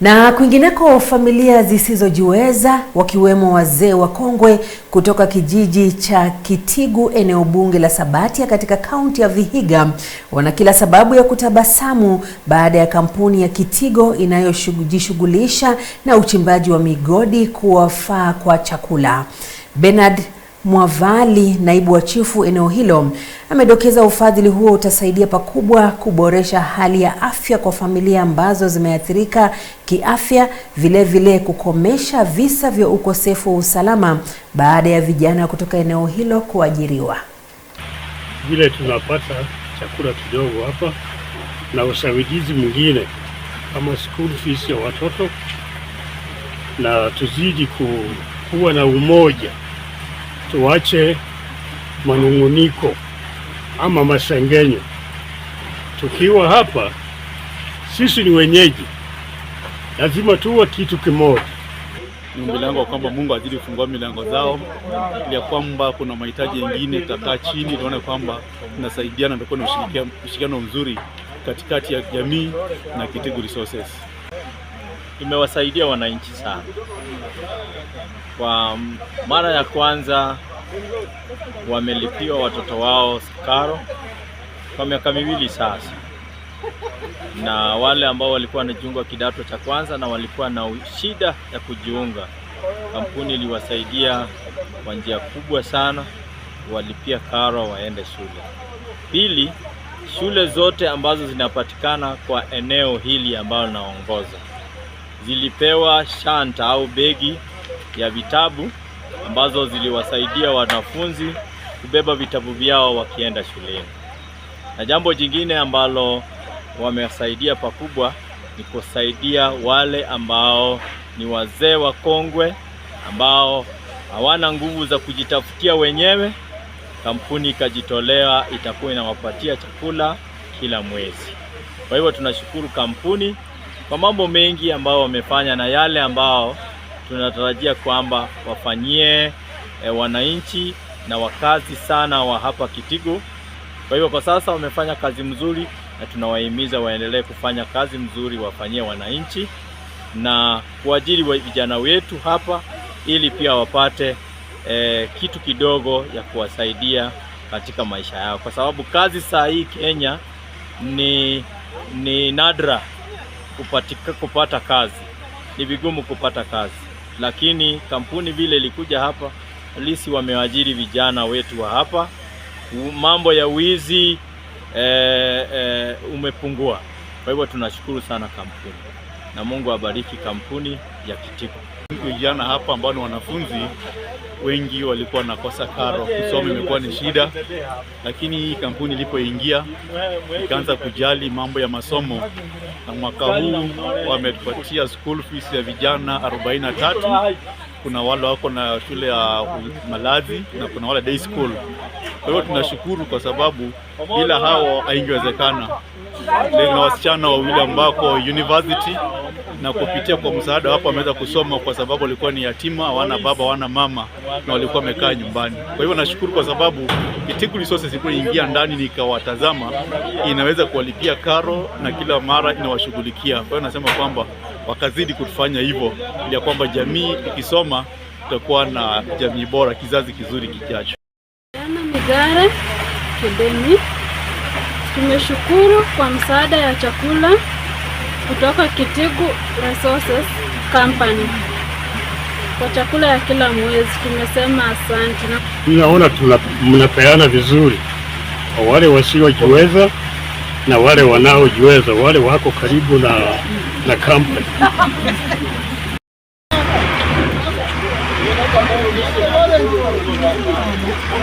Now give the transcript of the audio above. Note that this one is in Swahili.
Na kwingineko, familia zisizojiweza wakiwemo wazee wakongwe kutoka kijiji cha Kitigu eneo bunge la Sabatia katika kaunti ya Vihiga wana kila sababu ya kutabasamu baada ya kampuni ya Kitigo inayojishughulisha na uchimbaji wa migodi kuwafaa kwa chakula. Bernard Mwavali, naibu wa chifu eneo hilo, amedokeza ufadhili huo utasaidia pakubwa kuboresha hali ya afya kwa familia ambazo zimeathirika kiafya, vilevile vile kukomesha visa vya ukosefu wa usalama baada ya vijana kutoka eneo hilo kuajiriwa. Vile tunapata chakula kidogo hapa na usaidizi mwingine kama school fees ya watoto, na tuzidi kuwa na umoja tuache manung'uniko ama masengenyo. Tukiwa hapa sisi ni wenyeji, lazima tuwe kitu kimoja. milango kwamba Mungu azidi kufungua milango zao, ili ya kwamba kuna mahitaji mengine, tutakaa chini tuone kwamba tunasaidiana, ndio na ushirikiano mzuri katikati ya jamii na Kitigu Resources imewasaidia wananchi sana. Kwa mara ya kwanza wamelipiwa watoto wao karo kwa miaka miwili sasa, na wale ambao walikuwa wanajiunga kidato cha kwanza na walikuwa na shida ya kujiunga, kampuni iliwasaidia kwa njia kubwa sana walipia karo waende shule. Pili, shule zote ambazo zinapatikana kwa eneo hili ambalo naongoza zilipewa shanta au begi ya vitabu ambazo ziliwasaidia wanafunzi kubeba vitabu vyao wakienda shuleni. Na jambo jingine ambalo wamesaidia pakubwa ni kusaidia wale ambao ni wazee wakongwe ambao hawana nguvu za kujitafutia wenyewe. Kampuni ikajitolea itakuwa inawapatia chakula kila mwezi. Kwa hivyo tunashukuru kampuni kwa mambo mengi ambayo wamefanya na yale ambao tunatarajia kwamba wafanyie e, wananchi na wakazi sana wa hapa Kitigo. Kwa hivyo kwa sasa wamefanya kazi mzuri, na tunawahimiza waendelee kufanya kazi mzuri, wafanyie wananchi na kuajiri wa vijana wetu hapa, ili pia wapate e, kitu kidogo ya kuwasaidia katika maisha yao, kwa sababu kazi saa hii Kenya ni, ni nadra kupatika, kupata kazi ni vigumu kupata kazi, lakini kampuni vile ilikuja hapa lisi wamewajiri vijana wetu wa hapa, mambo ya wizi e, e, umepungua. Kwa hivyo tunashukuru sana kampuni na Mungu abariki kampuni ya kitiko. Vijana hapa ambao ni wanafunzi wengi walikuwa nakosa karo, kusoma imekuwa ni shida, lakini hii kampuni ilipoingia ikaanza kujali mambo ya masomo, na mwaka huu wametupatia school fees ya vijana 43 kuna wale wako na shule ya malazi na kuna wale day school. Kwa hiyo tunashukuru kwa sababu bila hao haingewezekana. na wasichana wawili ambako university na kupitia kwa msaada wapo wameweza kusoma kwa sababu walikuwa ni yatima, hawana baba, hawana mama na walikuwa wamekaa nyumbani. Kwa hivyo nashukuru kwa sababu Kitiku Resources ilikuwa ingia ndani nikawatazama, inaweza kuwalipia karo na kila mara inawashughulikia. Kwa hiyo nasema kwamba wakazidi kutufanya hivyo, ili ya kwamba jamii ikisoma tutakuwa na jamii bora, kizazi kizuri kijacho. Jana Migara Kidemi, tumeshukuru kwa msaada ya chakula kutoka Kitigu Resources Company kwa chakula ya kila mwezi, tumesema asante. Ninaona mnapeana vizuri kwa wale wasiojiweza na wale wanaojiweza, wale wako karibu na La company.